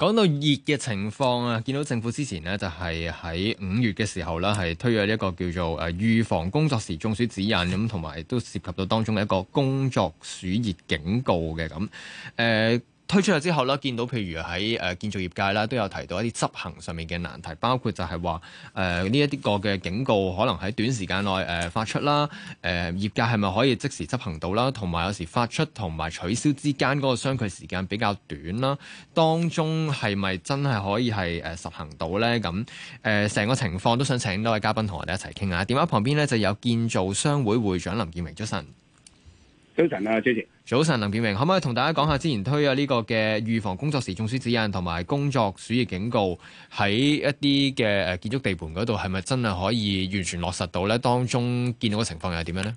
講到熱嘅情況啊，見到政府之前呢，就係喺五月嘅時候呢係推咗一個叫做誒預防工作時中暑指引，咁，同埋都涉及到當中嘅一個工作暑熱警告嘅咁誒推出咗之後呢，見到譬如喺誒建造業界啦，都有提到一啲執行上面嘅難題，包括就係話誒呢一啲個嘅警告可能喺短時間內誒發出啦，誒、呃、業界係咪可以即時執行到啦？同埋有，有時發出同埋取消之間嗰個相距時間比較短啦，當中係咪真係可以係誒實行到呢？咁誒成個情況都想請多位嘉賓同我哋一齊傾下。電話旁邊呢，就有建造商會會長林健榮，早晨。早晨啊，主持早晨，林健榮，可唔可以同大家講下之前推啊呢個嘅預防工作時中暑指引，同埋工作暑熱警告喺一啲嘅誒建築地盤嗰度，係咪真係可以完全落實到咧？當中見到嘅情況又係點樣咧？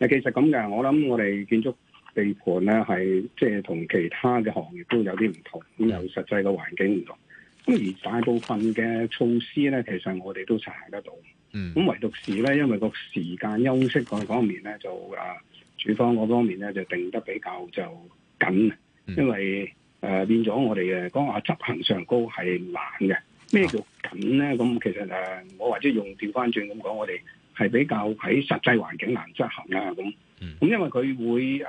誒，其實咁嘅，我諗我哋建築地盤咧係即係同其他嘅行業都有啲唔同，咁有實際嘅環境唔同。咁而大部分嘅措施咧，其實我哋都查得到。咁、嗯、唯獨是咧，因為個時間休息過嗰方面咧就誒。地方嗰方面咧就定得比較就緊，因為誒、嗯呃、變咗我哋嘅講話執行上高係難嘅。咩叫緊咧？咁、啊、其實誒、呃，我或者用調翻轉咁講，我哋係比較喺實際環境難執行啦。咁咁、嗯、因為佢會誒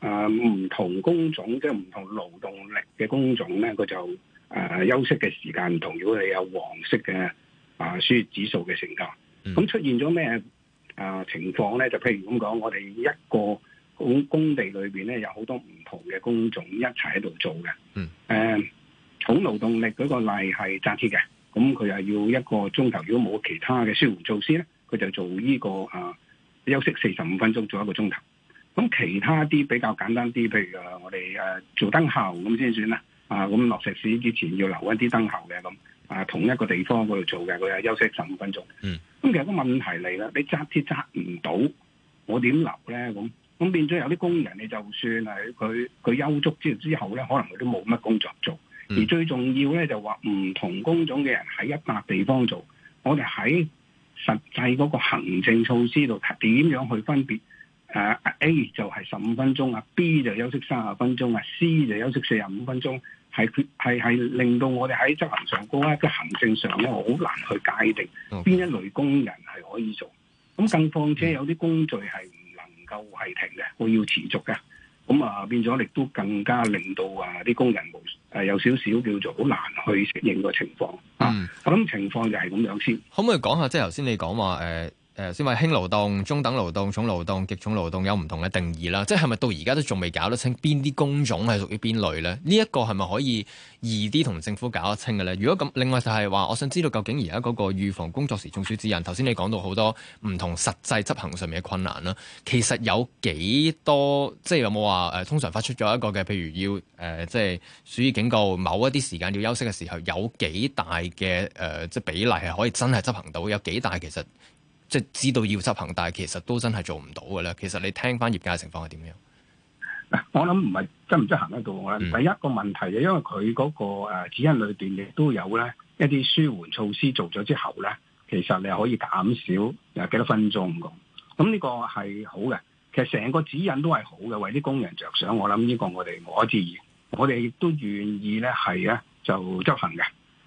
誒唔同工種，即係唔同勞動力嘅工種咧，佢就誒、呃、休息嘅時間唔同。如果你有黃色嘅啊、呃、暑熱指數嘅成交，咁、嗯嗯、出現咗咩？啊、呃，情況咧就譬如咁講，我哋一個工地裏邊咧，有好多唔同嘅工種一齊喺度做嘅。嗯，誒、呃，重勞動力嗰個例係紮鐵嘅，咁佢又要一個鐘頭，如果冇其他嘅消防措施咧，佢就做呢、這個啊、呃、休息四十五分鐘，做一個鐘頭。咁其他啲比較簡單啲，譬如話我哋誒做燈效咁先算啦。啊、呃，咁落石屎之前要留一啲燈效嘅咁。啊、呃，同一個地方嗰度做嘅，佢係休息十五分鐘。嗯。咁其實個問題嚟啦，你紮鐵紮唔到，我點留咧？咁咁變咗有啲工人，你就算係佢佢休足之之後咧，可能佢都冇乜工作做。嗯、而最重要咧，就話唔同工種嘅人喺一笪地方做，我哋喺實際嗰個行政措施度睇點樣去分別？誒、uh, A 就係十五分鐘啊，B 就休息三十分鐘啊，C 就休息四十五分鐘。係係係，令到我哋喺執行上嗰個行政上咧，好難去界定邊一類工人係可以做。咁更況且有啲工序係唔能夠係停嘅，會要持續嘅。咁啊變咗，亦都更加令到啊啲工人無有少少叫做好難去適應個情況，嗯、啊。咁情況就係咁樣先。可唔可以講下即係頭先你講話誒先話輕勞動、中等勞動、重勞動、極重勞動有唔同嘅定義啦，即係咪到而家都仲未搞得清邊啲工種係屬於邊類呢？呢、這、一個係咪可以易啲同政府搞得清嘅呢？如果咁，另外就係話，我想知道究竟而家嗰個預防工作時中暑指引，頭先你講到好多唔同實際執行上面嘅困難啦，其實有幾多？即係有冇話誒？通常發出咗一個嘅，譬如要誒、呃，即係屬於警告某一啲時間要休息嘅時候，有幾大嘅誒、呃？即係比例係可以真係執行到，有幾大其實？即係知道要執行，但係其實都真係做唔到嘅啦。其實你聽翻業界情況係點樣？我諗唔係執唔執行得到。嗯、我諗第一個問題就因為佢嗰個指引裏邊亦都有咧一啲舒緩措施做咗之後咧，其實你係可以減少誒幾多分鐘咁。咁呢個係好嘅。其實成個指引都係好嘅，為啲工人着想。我諗呢個我哋我支持，我哋亦都願意咧係咧就執行嘅。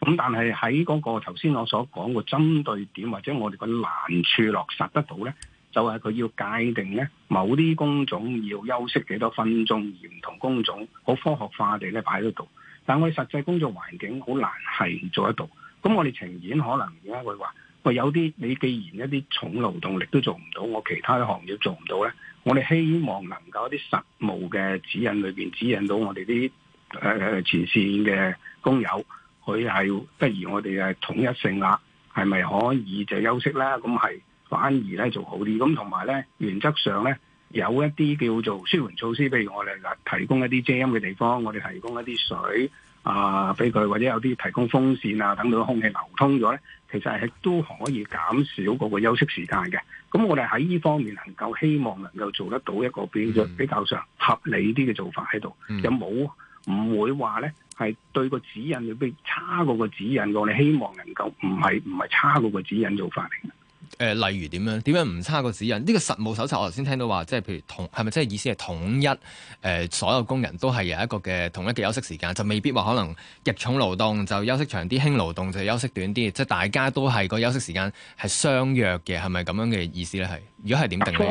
咁但係喺嗰個頭先我所講嘅針對點，或者我哋個難處落實得到呢，就係佢要界定呢某啲工種要休息幾多分鐘，而唔同工種好科學化地咧擺喺度。但係我哋實際工作環境好難係做得到。咁我哋情願可能而家會話，喂，有啲你既然一啲重勞動力都做唔到，我其他行業做唔到呢，我哋希望能夠一啲實務嘅指引裏邊指引到我哋啲誒前線嘅工友。佢係不如我哋係統一性啊，係咪可以就休息啦，咁係反而咧做好啲。咁同埋咧，原則上咧，有一啲叫做舒緩措施，譬如我哋提供一啲遮陰嘅地方，我哋提供一啲水啊俾佢，或者有啲提供風扇啊，等到空氣流通咗咧，其實係都可以減少嗰個休息時間嘅。咁我哋喺呢方面能夠希望能夠做得到一個比較比較上合理啲嘅做法喺度，mm hmm. 有冇？唔會話咧，係對個指引會比差過個指引，我哋希望能夠唔係唔係差過個指引做法嚟誒、呃，例如點樣？點樣唔差過指引？呢、這個實務手冊我頭先聽到話，即係譬如統，係咪即係意思係統一？誒、呃，所有工人都係有一個嘅統一嘅休息時間，就未必話可能日重勞動就休息長啲，輕勞動就休息短啲，即係大家都係個休息時間係相約嘅，係咪咁樣嘅意思咧？係，如果係點定咧？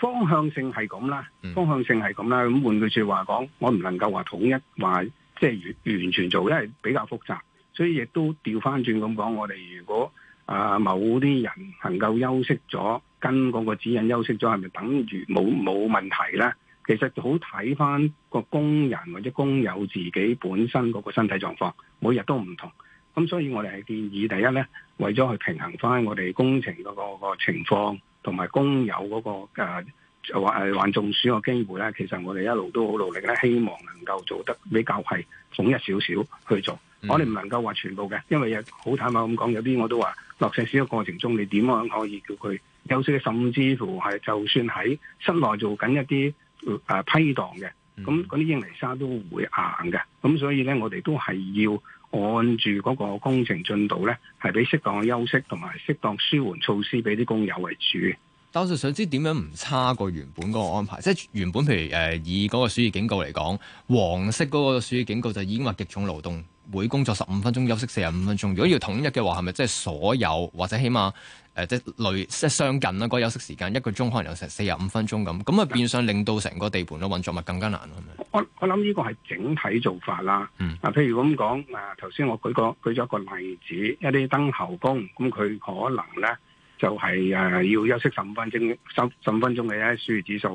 方向性係咁啦，嗯、方向性係咁啦。咁換句説話講，我唔能夠話統一，話即係完完全做，因為比較複雜。所以亦都調翻轉咁講，我哋如果。啊！某啲人能夠休息咗，跟嗰個指引休息咗，係咪等於冇冇問題咧？其實好睇翻個工人或者工友自己本身嗰個身體狀況，每日都唔同。咁所以我哋係建議，第一咧，為咗去平衡翻我哋工程嗰個情況，同埋工友嗰、個、呃就話誒，患中暑嘅機會咧，其實我哋一路都好努力咧，希望能夠做得比較系統一少少去做。嗯、我哋唔能夠話全部嘅，因為好坦白咁講，有啲我都話落石屎嘅過程中，你點樣可以叫佢休息？甚至乎係就算喺室內做緊一啲誒、呃、批盪嘅，咁嗰啲英泥沙都會硬嘅。咁所以咧，我哋都係要按住嗰個工程進度咧，係俾適當嘅休息同埋適當舒緩措施俾啲工友為主。但我就想知點樣唔差過原本嗰個安排，即係原本譬如誒以嗰個暑熱警告嚟講，黃色嗰個暑熱警告就已經話極重勞動，每工作十五分鐘休息四十五分鐘。如果要統一嘅話，係咪即係所有或者起碼誒、呃、即係類即係相近啦？嗰休息時間一個鐘可能有成四十五分鐘咁，咁啊變相令到成個地盤嘅運作咪更加難係咪？我我諗呢個係整體做法啦。嗱、嗯啊，譬如咁講，啊頭先我舉個舉咗一個例子，一啲燈喉工咁佢可能咧。就係誒要休息十五分鐘，十十五分鐘嘅一舒緩指數。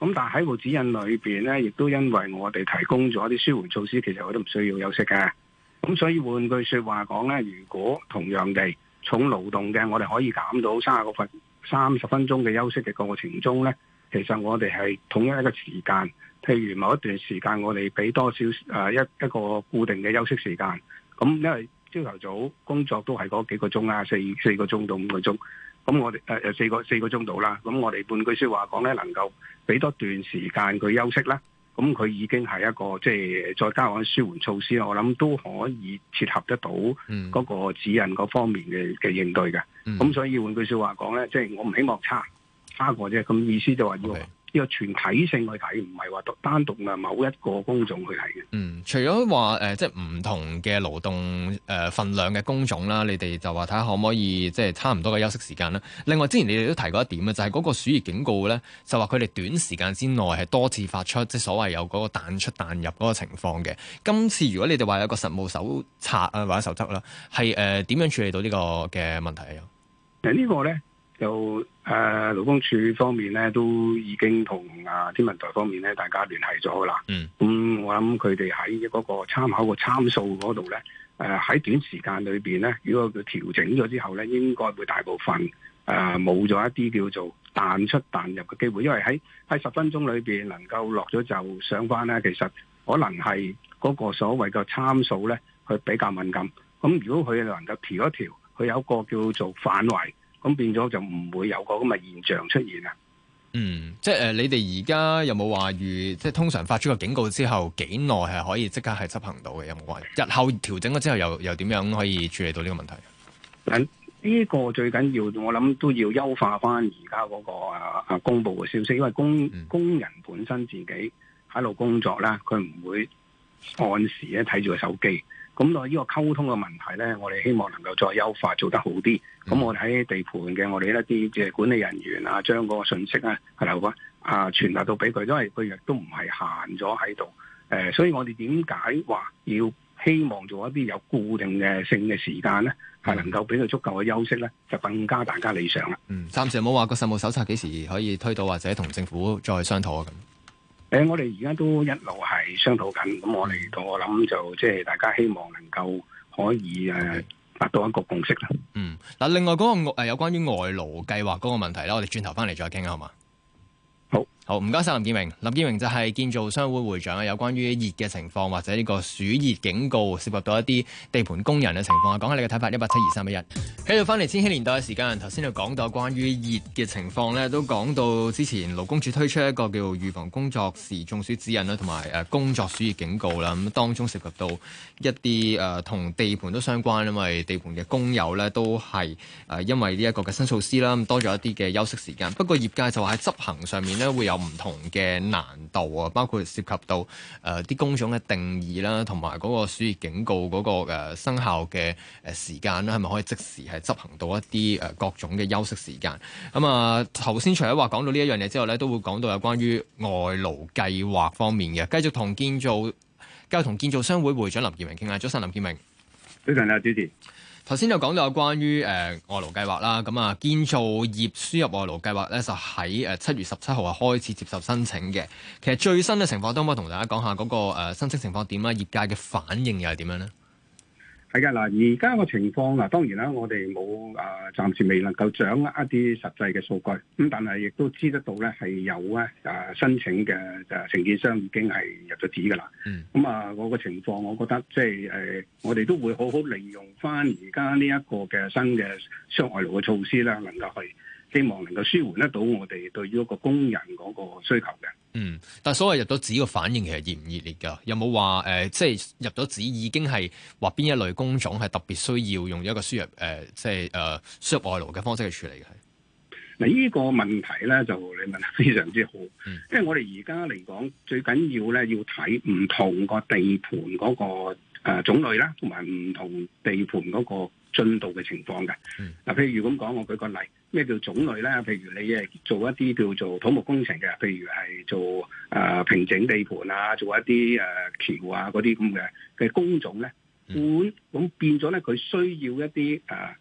咁但係喺部指引裏邊咧，亦都因為我哋提供咗啲舒緩措施，其實我都唔需要休息嘅。咁所以換句說話講咧，如果同樣地重勞動嘅，我哋可以減到三十個分、三十分鐘嘅休息嘅過程中咧，其實我哋係統一一個時間。譬如某一段時間，我哋俾多少誒一一個固定嘅休息時間。咁因為朝頭早工作都係嗰幾個鐘啦，四四個鐘到五個鐘。咁我哋誒、呃、四個四個鐘到啦，咁我哋半句話說話講咧，能夠俾多段時間佢休息啦，咁佢已經係一個即係再加上舒緩措施，我諗都可以切合得到嗰個指引嗰方面嘅嘅應對嘅。咁所以換句話說話講咧，即係我唔希望差差過啫，咁意思就話要。Okay. 呢個全體性去睇，唔係話獨單獨嘅某一個工種去睇嘅。嗯，除咗話誒，即係唔同嘅勞動誒份、呃、量嘅工種啦，你哋就話睇下可唔可以即係差唔多嘅休息時間啦。另外，之前你哋都提過一點啊，就係、是、嗰個暑熱警告咧，就話佢哋短時間之內係多次發出，即係所謂有嗰個彈出彈入嗰個情況嘅。今次如果你哋話有個實務手冊啊或者守則啦，係誒點樣處理到呢個嘅問題啊？其實呢個咧。就誒、呃、勞工處方面咧，都已經同啊天文台方面咧，大家聯繫咗啦。嗯，咁、嗯、我諗佢哋喺嗰個參考個參數嗰度咧，喺、呃、短時間裏面咧，如果佢調整咗之後咧，應該會大部分誒冇咗一啲叫做彈出彈入嘅機會，因為喺喺十分鐘裏面能夠落咗就上返咧，其實可能係嗰個所謂嘅參數咧，佢比較敏感。咁、嗯、如果佢能夠調一調，佢有一個叫做範圍。咁變咗就唔會有個咁嘅現象出現啊！嗯，即係誒、呃，你哋而家有冇話如即係通常發出個警告之後幾耐係可以即刻係執行到嘅有冇話？日後調整咗之後又又點樣可以處理到呢個問題？呢個最緊要我諗都要優化翻而家嗰個啊啊公布嘅消息，因為工、嗯、工人本身自己喺度工作啦，佢唔會按時咧睇住個手機。咁呢個溝通嘅問題咧，我哋希望能夠再優化，做得好啲。咁、嗯、我哋喺地盤嘅我哋一啲嘅管理人員將啊，將嗰個信息啊係留啊傳達到俾佢，因為佢亦都唔係限咗喺度。誒、呃，所以我哋點解話要希望做一啲有固定嘅性嘅時間咧，係、啊、能夠俾佢足夠嘅休息咧，就更加大家理想啦。嗯，暫時冇話個實務手冊幾時可以推到，或者同政府再商討啊咁。誒，我哋而家都一路係商討緊，咁嚟到我諗就即係大家希望能夠可以誒達到一個共識啦。Okay. 嗯，嗱，另外嗰個誒有關於外勞計劃嗰個問題，我哋轉頭翻嚟再傾啊，好嘛？好。好，唔該晒，林健榮。林健榮就係建造商會會長啊，有關於熱嘅情況或者呢個暑熱警告，涉及到一啲地盤工人嘅情況啊，講下你嘅睇法。一八七二三一一，喺度翻嚟千禧年代嘅時間，頭先就講到關於熱嘅情況咧，都講到之前勞工處推出一個叫預防工作時中暑指引啦，同埋誒工作暑熱警告啦。咁當中涉及到一啲誒同地盤都相關，因為地盤嘅工友咧都係誒因為呢一個嘅新措施啦，多咗一啲嘅休息時間。不過業界就話喺執行上面咧會有。唔同嘅難度啊，包括涉及到誒啲、呃、工種嘅定義啦，同埋嗰個暑熱警告嗰、那個、呃、生效嘅誒時間啦，係咪可以即時係執行到一啲誒、呃、各種嘅休息時間咁、嗯、啊？頭先除咗話講到呢一樣嘢之後咧，都會講到有關於外勞計劃方面嘅繼續同建造繼續同建造商會會長林健榮傾下。早晨，林健榮，早晨啊，主持。D D 頭先就講到有關於誒外勞計劃啦，咁啊建造業輸入外勞計劃咧，就喺誒七月十七號開始接受申請嘅。其實最新嘅情況，可唔可以同大家講下嗰個誒申請情況點呀？業界嘅反應又係點樣呢？嘅嗱，而家個情況嗱，當然啦，我哋冇啊，暫時未能夠掌握一啲實際嘅數據，咁但係亦都知得到咧，係有咧啊，申請嘅誒承建商已經係入咗紙噶啦，咁啊、嗯嗯，我個情況，我覺得即係誒，我哋都會好好利用翻而家呢一個嘅新嘅商外勞嘅措施啦，能夠去希望能夠舒緩得到我哋對於一個工人嗰個需求嘅。嗯，但係所謂入到紙嘅反應其實熱唔熱烈㗎？有冇話誒，即係入到紙已經係話邊一類工種係特別需要用一個輸入誒、呃，即係誒、呃、輸入外勞嘅方式去處理嘅？嗱，呢個問題咧就你問得非常之好，嗯、因為我哋而家嚟講最緊要咧要睇唔同個地盤嗰個誒種類啦，同埋唔同地盤嗰個進度嘅情況嘅。嗱、嗯，譬如咁講，我舉個例。咩叫種類咧？譬如你係做一啲叫做土木工程嘅，譬如係做誒、呃、平整地盤啊，做一啲誒、呃、橋啊嗰啲咁嘅嘅工種咧，咁咁、嗯、變咗咧，佢需要一啲誒、呃，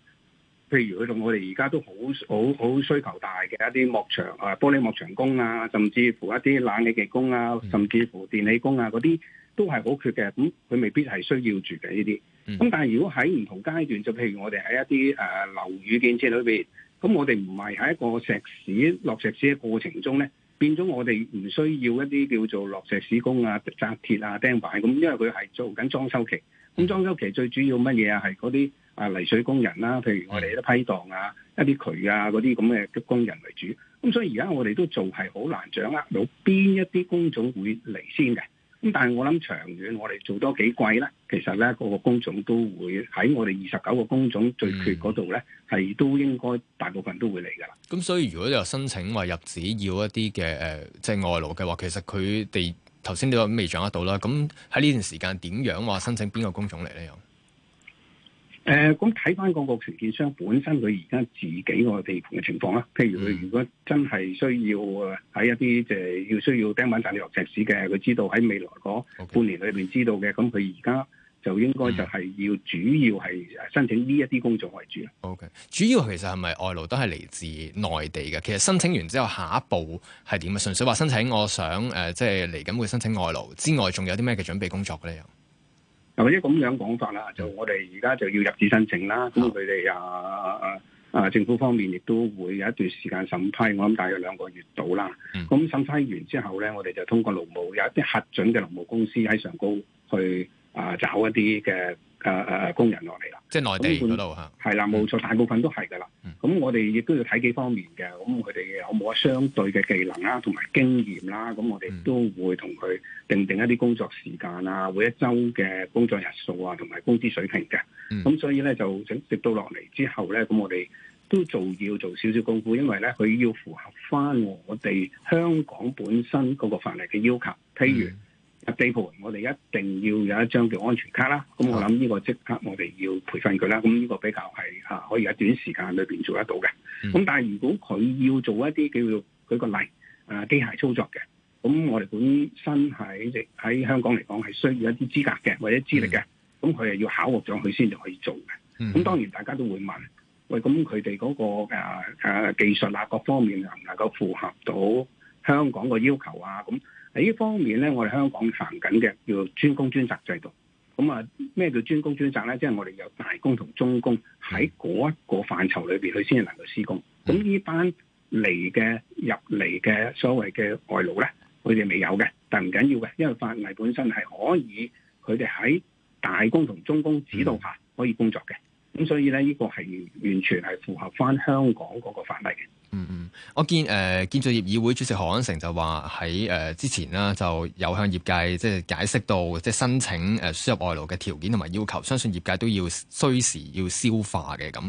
譬如佢同我哋而家都好好好需求大嘅一啲幕牆啊、玻璃幕牆工啊，甚至乎一啲冷氣技工啊，嗯、甚至乎電氣工啊嗰啲都係好缺嘅。咁、嗯、佢未必係需要住嘅呢啲。咁、嗯、但係如果喺唔同階段，就譬如我哋喺一啲誒、呃、樓宇建設裏邊。咁我哋唔係喺一個石屎落石屎嘅過程中咧，變咗我哋唔需要一啲叫做落石屎工啊、紮鐵啊、釘板咁，因為佢係做緊裝修期。咁裝修期最主要乜嘢啊？係嗰啲啊泥水工人啦、啊，譬如我哋一啲批檔啊、一啲渠啊嗰啲咁嘅工人為主。咁所以而家我哋都做係好難掌握到邊一啲工種會嚟先嘅。咁但係我諗長遠，我哋做多幾季咧，其實咧個工種都會喺我哋二十九個工種最缺嗰度咧，係、嗯、都應該大部分人都會嚟㗎啦。咁所以如果你又申請話入紙要一啲嘅、呃、即係外勞嘅話，其實佢哋頭先你話未掌握到啦。咁喺呢段時間點樣話申請邊個工種嚟咧又？誒，咁睇翻嗰個承建商本身佢而家自己個地盤嘅情況啦。譬如佢如果真係需要喺一啲即係要需要釘板大時落石屎嘅，佢知道喺未來嗰半年裏面知道嘅，咁佢而家就應該就係要主要係申請呢一啲工作為主。O、okay. K，主要其實係咪外勞都係嚟自內地嘅？其實申請完之後，下一步係點啊？純粹話申請，我想、呃、即係嚟緊會申請外勞之外，仲有啲咩嘅準備工作咧？或者咁樣講法啦，就我哋而家就要入紙申請啦。咁佢哋啊啊，啊政府方面亦都會有一段時間審批，我諗大概兩個月到啦。咁審批完之後咧，我哋就通過勞務有啲核准嘅勞務公司喺上高去啊找一啲嘅。誒誒、呃呃、工人落嚟啦，即係內地嗰度嚇，係啦冇錯，大部分都係噶啦。咁、嗯、我哋亦都要睇幾方面嘅，咁佢哋有冇相對嘅技能啦，同埋經驗啦。咁我哋都會同佢定定一啲工作時間啊，每一週嘅工作日數啊，同埋工資水平嘅。咁、嗯、所以咧就整，接到落嚟之後咧，咁我哋都做要做少少功夫，因為咧佢要符合翻我哋香港本身嗰個法例嘅要求。譬如、嗯地盤我哋一定要有一張叫安全卡啦。咁我諗呢個即刻我哋要培訓佢啦。咁呢個比較係、啊、可以喺短時間裏面做得到嘅。咁、嗯、但係如果佢要做一啲叫做舉個例，誒、啊、機械操作嘅，咁我哋本身係喺香港嚟講係需要一啲資格嘅或者資歷嘅，咁佢係要考獲咗佢先就可以做嘅。咁、嗯、當然大家都會問，喂，咁佢哋嗰個誒、啊啊、技術啊各方面能唔能夠符合到香港個要求啊？咁、嗯喺呢方面咧，我哋香港行緊嘅叫專工專責制度。咁啊，咩叫專工專責咧？即係我哋有大工同中工喺嗰一個範疇裏邊，佢先至能夠施工。咁、嗯、呢班嚟嘅入嚟嘅所謂嘅外勞咧，佢哋未有嘅，但唔緊要嘅，因為法例本身係可以佢哋喺大工同中工指導下可以工作嘅。嗯咁所以呢，呢、呢個係完全係符合翻香港嗰個法例嘅。嗯嗯，我見誒、呃、建造業議會主席何安成就話喺誒之前呢就有向業界即係解釋到，即係申請誒輸入外勞嘅條件同埋要求，相信業界都要需時要消化嘅咁。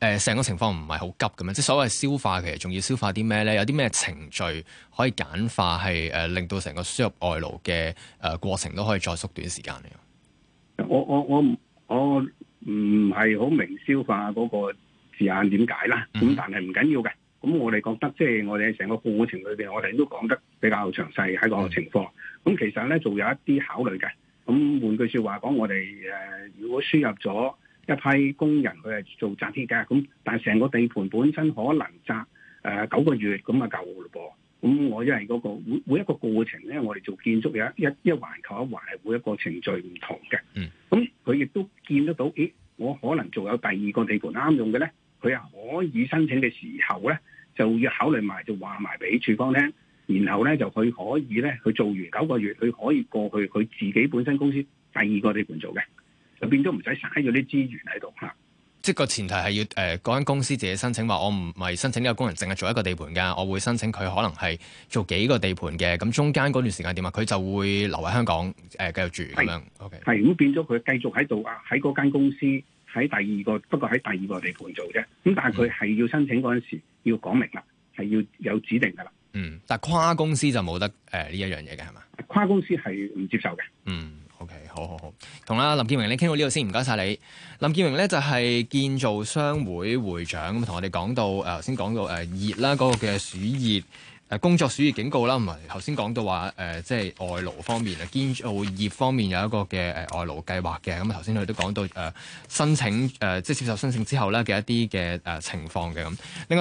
誒，成、呃、個情況唔係好急咁樣，即係所謂消化，其實仲要消化啲咩咧？有啲咩程序可以簡化，係、呃、誒令到成個輸入外勞嘅誒過程都可以再縮短時間咧。我我我我。我唔係好明消化嗰個字眼點解啦。咁但係唔緊要嘅。咁我哋覺得即係、就是、我哋成個過程裏面，我哋都講得比較詳細喺個情況。咁其實咧，仲有一啲考慮嘅。咁換句說話講，我哋誒、呃、如果輸入咗一批工人，佢係做紮鐵嘅，咁但係成個地盤本身可能扎、呃、九個月，咁啊夠嘞噃。咁我因為嗰個每每一個過程咧，我哋做建築有一一環扣一環，係每一個程序唔同嘅。咁佢亦都見得到，咦，我可能仲有第二個地盤啱用嘅咧，佢啊可以申請嘅時候咧，就要考慮埋，就話埋俾處方聽，然後咧就佢可以咧去做完九個月，佢可以過去佢自己本身公司第二個地盤做嘅，就變咗唔使嘥咗啲資源喺度吓。即係個前提係要誒，嗰、呃、間公司自己申請話，我唔係申請呢個工人淨係做一個地盤噶，我會申請佢可能係做幾個地盤嘅。咁中間嗰段時間點啊？佢就會留喺香港誒，繼、呃、續住咁樣。係如果是 okay 變咗佢繼續喺度啊，喺嗰間公司喺第二個，不過喺第二個地盤做啫。咁但係佢係要申請嗰陣時要講明啦，係要有指定噶啦。嗯，但係跨公司就冇得誒呢一樣嘢嘅係嘛？是跨公司係唔接受嘅。嗯。好好好，同啦林健榮你傾到呢度先，唔該晒你。林健榮咧就係、是、建造商會會長，咁同我哋講到誒頭先講到誒、啊、熱啦，嗰個嘅暑熱誒、啊、工作暑熱警告啦，唔係頭先講到話誒即係外勞方面啊，建造業方面有一個嘅誒外勞計劃嘅，咁啊頭先佢哋都講到誒、啊、申請誒、啊、即係接受申請之後咧嘅一啲嘅誒情況嘅咁。啊另